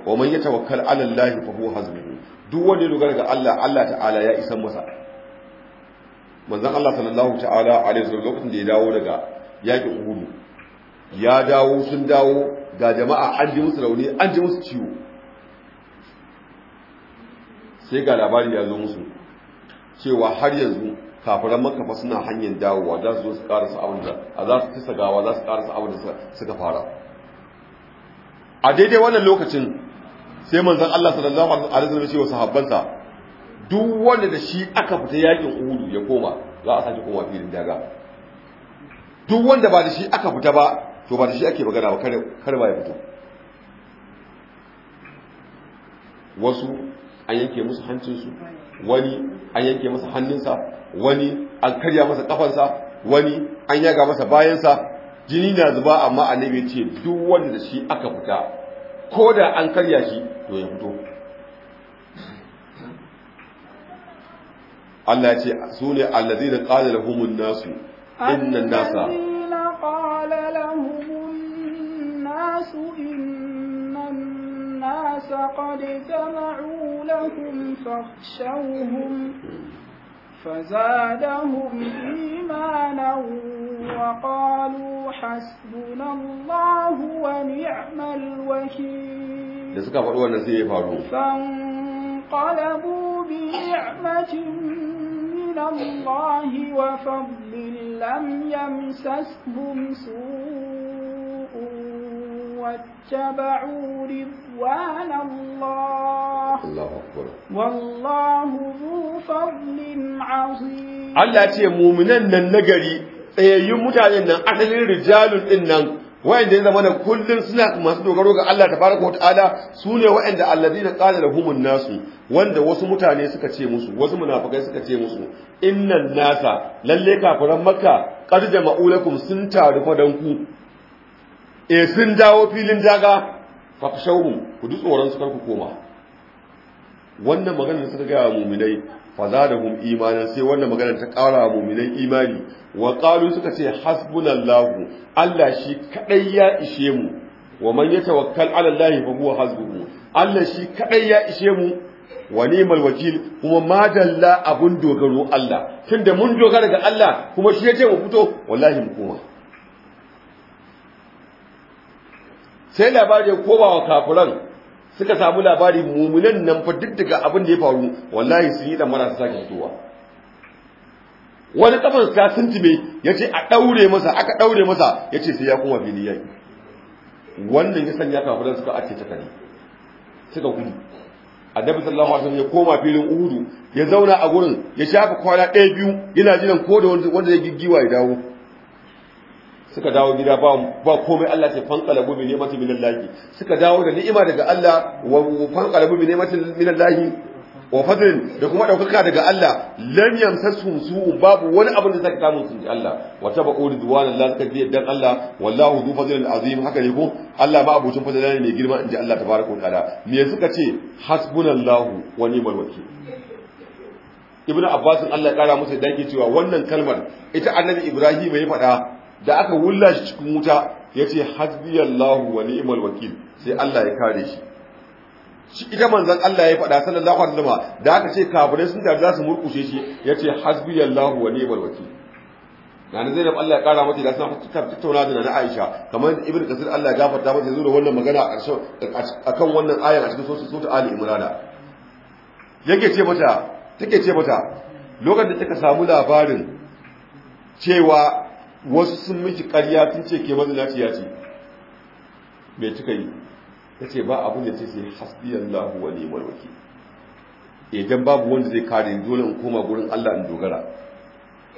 wa man yatawakkal ala Allah fa huwa duk wanda ya dogara ga Allah Allah ta'ala ya isan masa Manzan Allah sallallahu ta'ala alaihi wasallam lokacin da ya dawo daga yaƙin Uhud ya dawo sun dawo ga jama'a an ji musu rauni an ji musu ciwo sai ga labari ya zo musu cewa har yanzu kafiran makafa suna hanyar dawowa za su zo su su abin da a za su tisa gawa za su su abin da suka fara a daidai wannan lokacin sai manzan Allah sallallahu alaihi wasallam ya ce wa sahabbansa duk wanda da shi aka fita yakin uhudu ya koma za a sake koma filin daga duk wanda ba da shi aka fita ba to ba da shi ake magana ba kar ba ya fito wasu an yanke musu hancinsu wani an yanke masa hannunsa wani an karya masa kafansa wani an yaga masa bayansa jini na zuba amma annabi ya ce duk wanda da shi aka fita ko da an karya shi to ya fito Allah ya ce su ne allazina da lahumun nasu inna nasa allazina nasu innan nasa qad jama'u lakum fakhshawhum فزادهم إيمانا وقالوا حسبنا الله ونعم الوكيل da suka faru fanqalabu bi من الله وفضل لم يمسسهم سوء واتبعوا رضوان muminan nan nagari tsayayyun mutanen nan asalin rijalun din wa'anda ya zama da kullum suna masu dogaro ga Allah fara wa ta'ala su ne wa'anda alladina da humun nasu wanda wasu mutane suka ce musu wasu munafukai suka ce musu innan nasa lalle kafiran makka qad da ma'ulakun sun taru fadan ku eh, sun dawo filin daga fa ku ji tsoron su karku koma wannan maganar suka wa mu'minai fazadahum imanan sai wannan magana ta ƙara mu'minan imani wa qalu suka ce hasbunallahu Allah shi kadai ya ishe mu wa man yatawakkal ala Allah fa huwa hasbuhu Allah shi kadai ya ishe mu wa ni'mal wakil kuma madalla abun dogaro Allah tunda mun dogara ga Allah kuma shi yace mu fito wallahi mu kuma. sai labarin ko ba wa kafiran suka samu labari mummunan nan fa duk daga abin da ya faru wallahi sun yi da saka sake fitowa wani kafan sun suntume ya ce a ɗaure masa aka ɗaure masa ya ce sai ya kuma fili yi wannan ya sanya kafiran suka ake ta kare suka gudu annabi sallallahu alaihi wasallam ya koma filin uhudu ya zauna a gurin ya shafa kwana ɗaya biyu yana jiran ko da wanda zai giggiwa ya dawo suka dawo gida ba komai Allah ce fan qalabu bi ni'matin min Allah suka dawo da ni'ima daga Allah wa fan qalabu bi ni'matin min Allah wa fadlin da kuma daukaka daga Allah lam yamsasu su babu wani abin da zaka samu sun Allah wa tabaqu ridwan Allah zaka ji dan Allah wallahu zu fadlin azim haka ne ko Allah ba abucin fadlan ne girma inji Allah tabaraka wa taala me suka ce hasbunallahu wa ni'mal wakil ibnu abbas Allah ya kara musu dake cewa wannan kalmar ita annabi ibrahim ya faɗa da aka wulla shi cikin wuta ya ce hasbiyallahu wa ni'mal wakil sai Allah ya kare shi shi ita manzon Allah ya faɗa sallallahu alaihi wasallam da aka ce kafirai sun tafi za su murkushe shi yace hasbiyallahu wa ni'mal wakil nana Zainab Allah ya kara mata da sun tattauna da na Aisha kamar Ibn Kasir Allah ya gafarta mata zuwa da wannan magana a kan wannan ayar a cikin sura Ali Imran yake ce mata take ce mata lokacin da take samu labarin cewa wasu sun miki ƙarya tun ce ke mazinaciya ce mai kika yi ta ce ba abin da ce sai hasbi Allah wa ni'mal wakil idan babu wanda zai kare dole in koma gurin Allah in dogara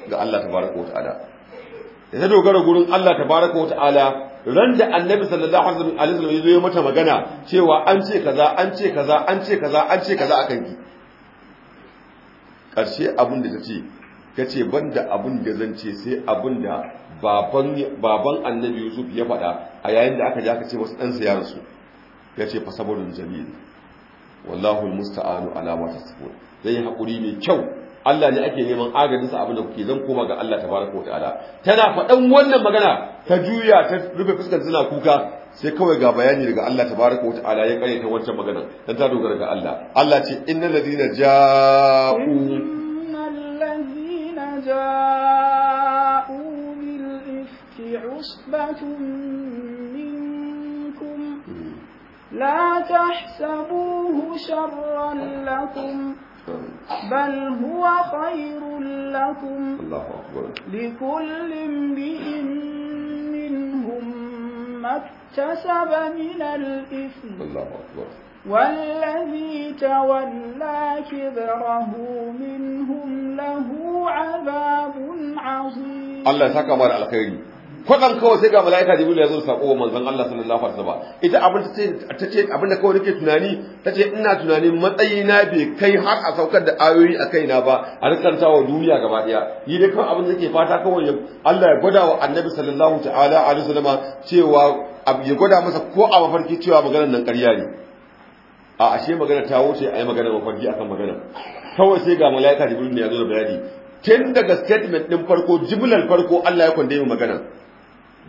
ga Allah baraka wata ta'ala da ta dogara gurin Allah baraka wata ta'ala ran da annabi sallallahu alaihi wasallam ya zo ya mata magana cewa an ce kaza an ce kaza an ce kaza an ce kaza akan ki karshe abin da ta ce ta ce ban da abin da zan ce sai abin da baban annabi yusuf ya faɗa a yayin da aka ji aka ce wasu ɗansa ya rasu ya ce fa saboda jami'in wallahu musta'anu alama ta tasifun zai yi haƙuri mai kyau Allah ne ake neman agajinsa abin da kuke zan koma ga Allah tabaraka wa ta'ala tana faɗan wannan magana ta juya ta rufe fuskar tana kuka sai kawai ga bayani daga Allah tabaraka wa ta'ala ya kare ta wancan magana dan ta dogara ga Allah Allah ce innal ladina ja'u جاءوا بالإفك عصبة منكم لا تحسبوه شرا لكم بل هو خير لكم لكل امرئ منهم ما اكتسب من الإثم الله أكبر والذي تولى كبره منهم له عذاب عظيم الله يساك الخير kwadan kawai sai ga malaika jibril ya zo sako wa manzon Allah sallallahu alaihi wasallam ita abin ta ce abin da kawai nake tunani tace ina tunanin matsayina bai kai har a saukar da ayoyi a kaina ba a rikanta wa duniya gaba daya ni dai kawai abin da nake fata kawai Allah ya gwada wa annabi sallallahu ta'ala alaihi wasallam cewa ya gwada masa ko a mafarki cewa maganar nan ƙarya ne a ashe magana ta wuce a yi magana mafarki akan magana kawai sai ga mala'ika jibril ne ya zo da bayani tun daga statement din farko jimlar farko Allah ya kwande magana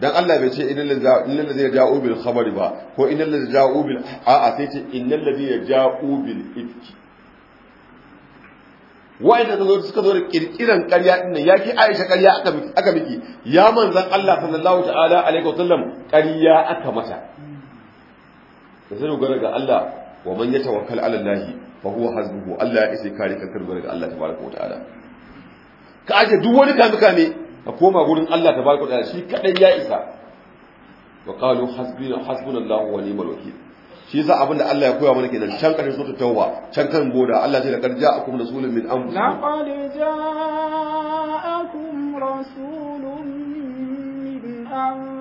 dan Allah bai ce innal ladzi ja'u bil khabar ba ko innal ladzi ja'u bil a'a sai ce innal ladzi ja'u bil ifki da zo suka zo da kirkiran ƙarya din nan yake Aisha ƙarya aka miki aka miki ya manzon Allah sallallahu ta'ala alaihi wasallam ƙarya aka mata da sai dogara ga Allah wa man yatawakkal ala Allah fa huwa hasbuhu Allah ya isa kare ka karbar daga Allah tabaraka wa ta'ala ka aje duk wani kame kame ka koma gurin Allah tabaraka wa ta'ala shi kadai ya isa wa qalu hasbuna hasbunallahu wa ni'mal wakeel shi yasa abin da Allah ya koya mana kenan can karshen sura tauba can kan boda Allah sai da karja akum rasulun min anfusikum laqad ja'akum rasulun min anfusikum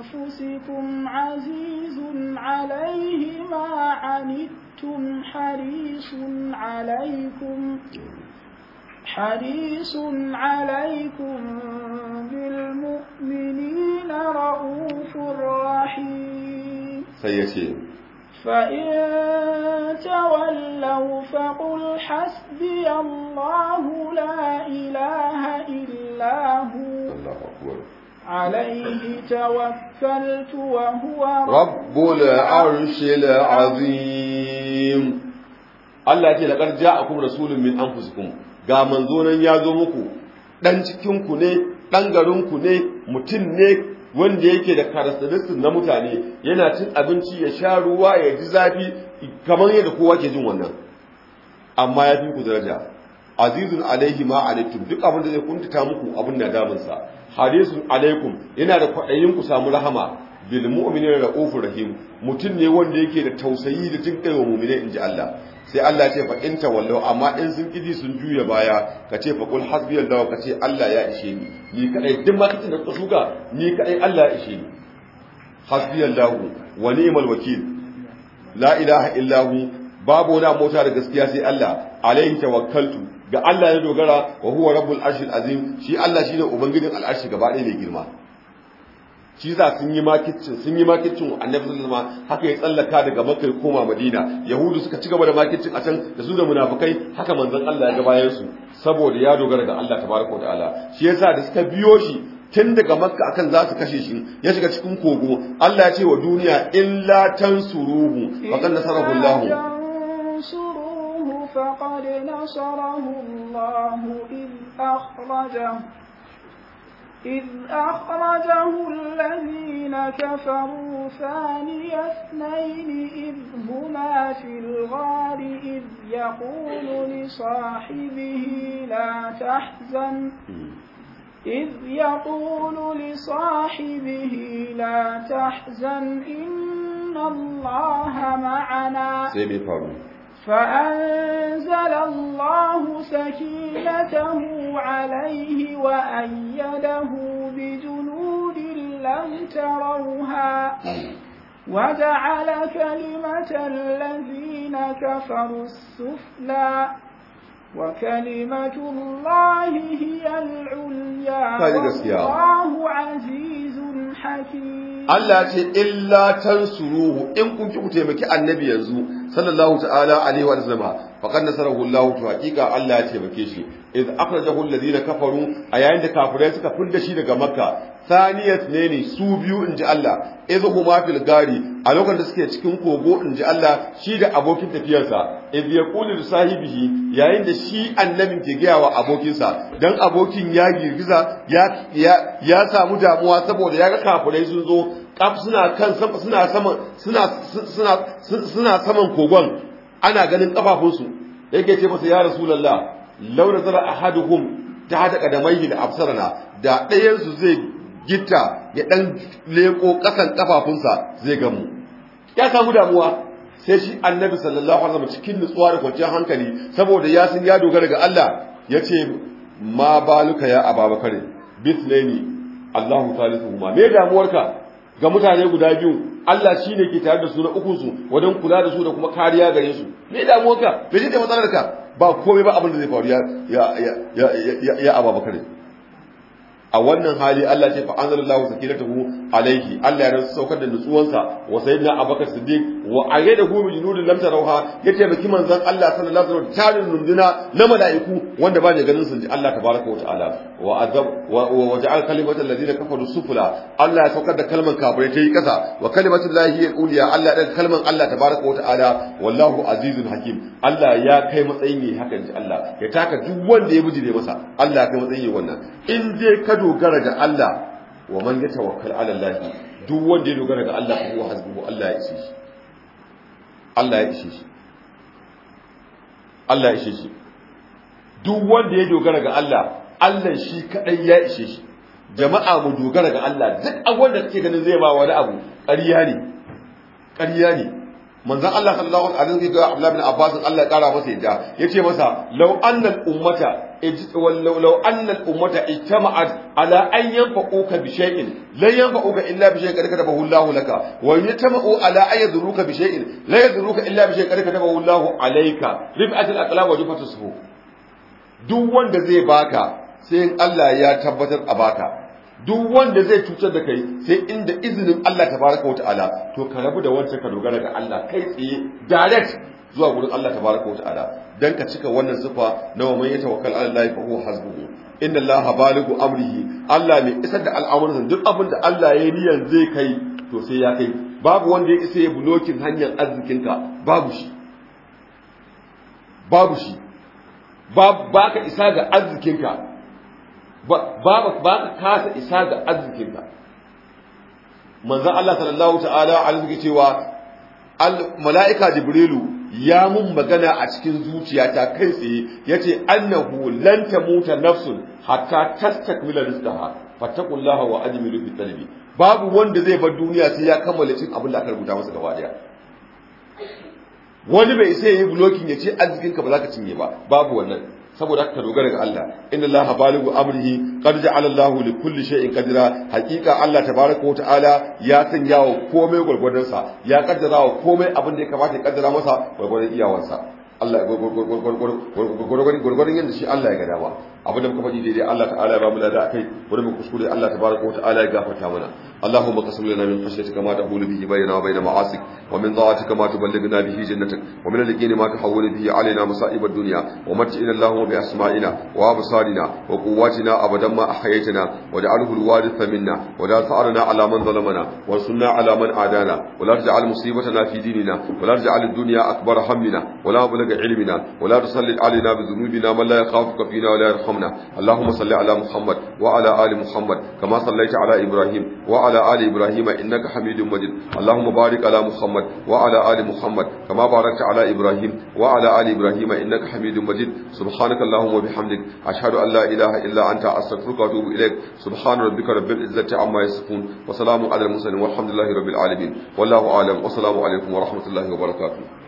أنفسكم عزيز عليه ما عنتم حريص عليكم حريص عليكم بالمؤمنين رؤوف رحيم سيتي فإن تولوا فقل حسبي الله لا إله إلا هو الله أكبر عليه توكلت وهو رب العرش العظيم Allah ce laqad جاءكم rasulun من انفسكم ga manzo nan ya zo muku dan cikin ku ne dan garin ku ne mutum ne wanda yake da karasalisin na mutane yana cin abinci ya sha ruwa ya ji zafi kamar yadda kowa ke jin wannan amma ya fi ku daraja azizun alaihi ma alaikum duk abin da zai kuntuta muku abin da damun sa hadisun alaikum yana da kwaɗayin ku samu rahama bil mu'minina raufur rahim mutum ne wanda yake da tausayi da jin kai wa mu'mini inji Allah sai Allah ya ce fa inta tawallu amma in sun kidi sun juya baya ka ce fa qul hasbiyallahu ka ce Allah ya ishe ni ni kadai duk kace da ka shuka ni kadai Allah ya ishe ni hasbiyallahu wa ni'mal wakil la ilaha illahu babu wani mota da gaskiya sai Allah alaihi tawakkaltu ga Allah ya dogara wa huwa rabbul arshil azim shi Allah shine ubangijin al'arshi gaba ɗaya mai girma shi za sun yi makicin sun yi makicin annabi sallallahu alaihi wasallam haka ya tsallaka daga makka ya koma madina yahudu suka ci gaba da makicin a can da su da munafikai haka manzon Allah ya ga bayan saboda ya dogara ga Allah tabaraka wa ta'ala shi yasa da suka biyo shi tun daga makka akan za su kashe shi ya shiga cikin kogo Allah ya ce wa duniya illa tansuruhu faqad nasarahu Allah فقد نصره الله إذ أخرجه إذ أخرجه الذين كفروا ثاني اثنين إذ هما في الغار إذ يقول لصاحبه لا تحزن إذ يقول لصاحبه لا تحزن إن الله معنا فأنزل الله سكينته عليه وأيده بجنود لم تروها وجعل كلمة الذين كفروا السفلى وكلمة الله هي العليا والله عزيز حكيم الله إلا تنصروه إن كنت تمكي النبي يزوه sallallahu ta'ala alaihi wa sallama faqad nasarahu Allah to hakika Allah ya taimake shi iz akhrajahu alladhina kafaru a yayin da kafirai suka fulda shi daga makka saniyat ne ne su biyu inji Allah iz huma fil gari a lokacin da suke cikin kogo inji Allah shi da abokin tafiyarsa iz yaqulu li sahibihi yayin da shi annabin ke gaya wa abokinsa dan abokin ya girgiza ya ya samu damuwa saboda ya ga kafirai sun zo kaf suna kan suna saman suna suna suna saman kogon ana ganin kafafunsu yake ce masa ya rasulullah law nazara ahaduhum ta hada kadamaihi da absarana da ɗayan su zai gitta ya dan leko kasan ƙafafunsa zai gamu ya samu damuwa sai shi annabi sallallahu alaihi wasallam cikin nutsuwa da kwanciyar hankali saboda ya san ya dogara ga Allah yace ma baluka ya ababakare bisnaini Allahu salisuhuma me damuwarka ga mutane guda biyu Allah shi ne ke tare da su na ukunsu wajen kula da su da kuma kariya gare su me damuwa ka me ne matsalar ka ba komai ba abin da zai faru ya ya ya ya ababakar a wannan hali Allah ce fa Allah sakinatahu alayhi Allah ya rasu saukar da nutsuwansa wa sayyidina Abubakar Siddiq wa ayyadahu bi junudin lam tarawha ya taimaki manzon Allah sallallahu alaihi wasallam tarin nunduna na mala'iku wanda ba da ganin sun ji Allah tabaraka wa ta'ala wa azab wa waja'al kalimatal ladina kafaru sufula Allah ya saukar da kalmar kafirai ta yi kasa wa kalimatul lahi uliya Allah da kalmar Allah tabaraka wa ta'ala wallahu azizun hakim Allah ya kai matsayin ne haka ji Allah ya taka duk wanda ya ne masa Allah ya kai matsayin wannan in dai ka dogara ga Allah wa man tawakkal ala Allah duk wanda ya dogara ga Allah huwa hasbuhu Allah ya ishe shi Allah ya ishe shi Allah ya ishe shi duk wanda ya dogara ga Allah Allah shi kadai ya ishe shi jama'a mu dogara ga Allah duk abin da kake ganin zai ba wani abu ƙarya ne ƙarya ne manzon Allah sallallahu alaihi wa sallam ga Abdullah bin Abbas Allah ya kara masa yadda yace masa law annal ummata law anna al-ummata ijtama'at ala an yanfa'uka bi shay'in la yanfa'uka illa bi shay'in qad katabahu Allah laka wa yajtama'u ala an yadurruka bi shay'in la yadurruka illa bi shay'in qad katabahu Allah duk wanda zai baka sai in Allah ya tabbatar a baka duk wanda zai cutar da kai sai inda izinin Allah tabaraka wa ta'ala to ka rabu da wancan ka dogara ga Allah kai tsaye direct zuwa gurin Allah tabaraka wata ala. dan ka cika wannan zufa na wa man yatawakkal ala Allah fa huwa hasbuhu inna Allah baligu amrihi Allah ne isar da al'amuransa duk abin da Allah ya niyan zai kai to sai ya kai babu wanda ya isa ya bulokin hanyar arzikinka babu shi babu shi ba ka isa ga arzikinka ba ka kasa isa ga arzikinka manzan Allah sallallahu ta'ala a cewa mala'ika jibrilu ya mun magana a cikin zuciyata kai tsaye ce annahu lan tamuta nafsun hatta tastakmila rizqaha fattaqullaha wa ajmilu fi talbi babu wanda zai bar duniya sai ya kammala cin abin da aka rubuta masa gaba daya wani bai sai yi blocking ce arzikin ka ba za ka cinye ba babu wannan saboda haka dogara ga Allah inna Allah baligu amrihi qad ja'ala Allahu li kulli shay'in qadira haqiqa Allah tabaraka wa ta'ala ya sanya wa komai gurgurdan sa ya kaddara wa komai abin da ya kamata ya kaddara masa gurgurdan iyawansa Allah gurgurdan yanda shi Allah ya ga dama abinda muka faɗi daidai Allah ta'ala ya ba mu lada akai wurin mu kuskure Allah tabaraka wa ta'ala ya gafarta mana Allahumma qasim lana min khashyatika ma tahulu bihi bainana wa bain ma'asik wa min ta'atika ma tuballighuna bihi jannatak wa min al-yaqini ma tahawwalu bihi alaina masa'ib ad-dunya wa mat'ina Allahumma bi asma'ina wa absarina wa quwwatina abadan ma ahyaytana wa ja'alhu al-waritha minna wa la ta'arna ala man zalamana wa sunna ala man adana wa la taj'al musibatana fi dinina wa la taj'al ad-dunya akbar hammina wa la bulagha ilmina wa la tusallit alaina bi dhunubina man la yakhafuka fina wa la yarhamuna warhamna allahumma salli ala muhammad wa ala ali muhammad kama sallaita ala ibrahim wa ala ali ibrahim innaka hamidum majid allahumma barik ala muhammad wa ala ali muhammad kama barakta ala ibrahim wa ala ali ibrahim innaka hamidum majid subhanaka allahumma bihamdik ashhadu an la ilaha illa anta astaghfiruka wa atubu ilaik subhan rabbika rabbil izzati amma yasifun wa salamun ala al mursalin walhamdulillahi rabbil wallahu a'lam wa salamu alaykum wa rahmatullahi wa barakatu.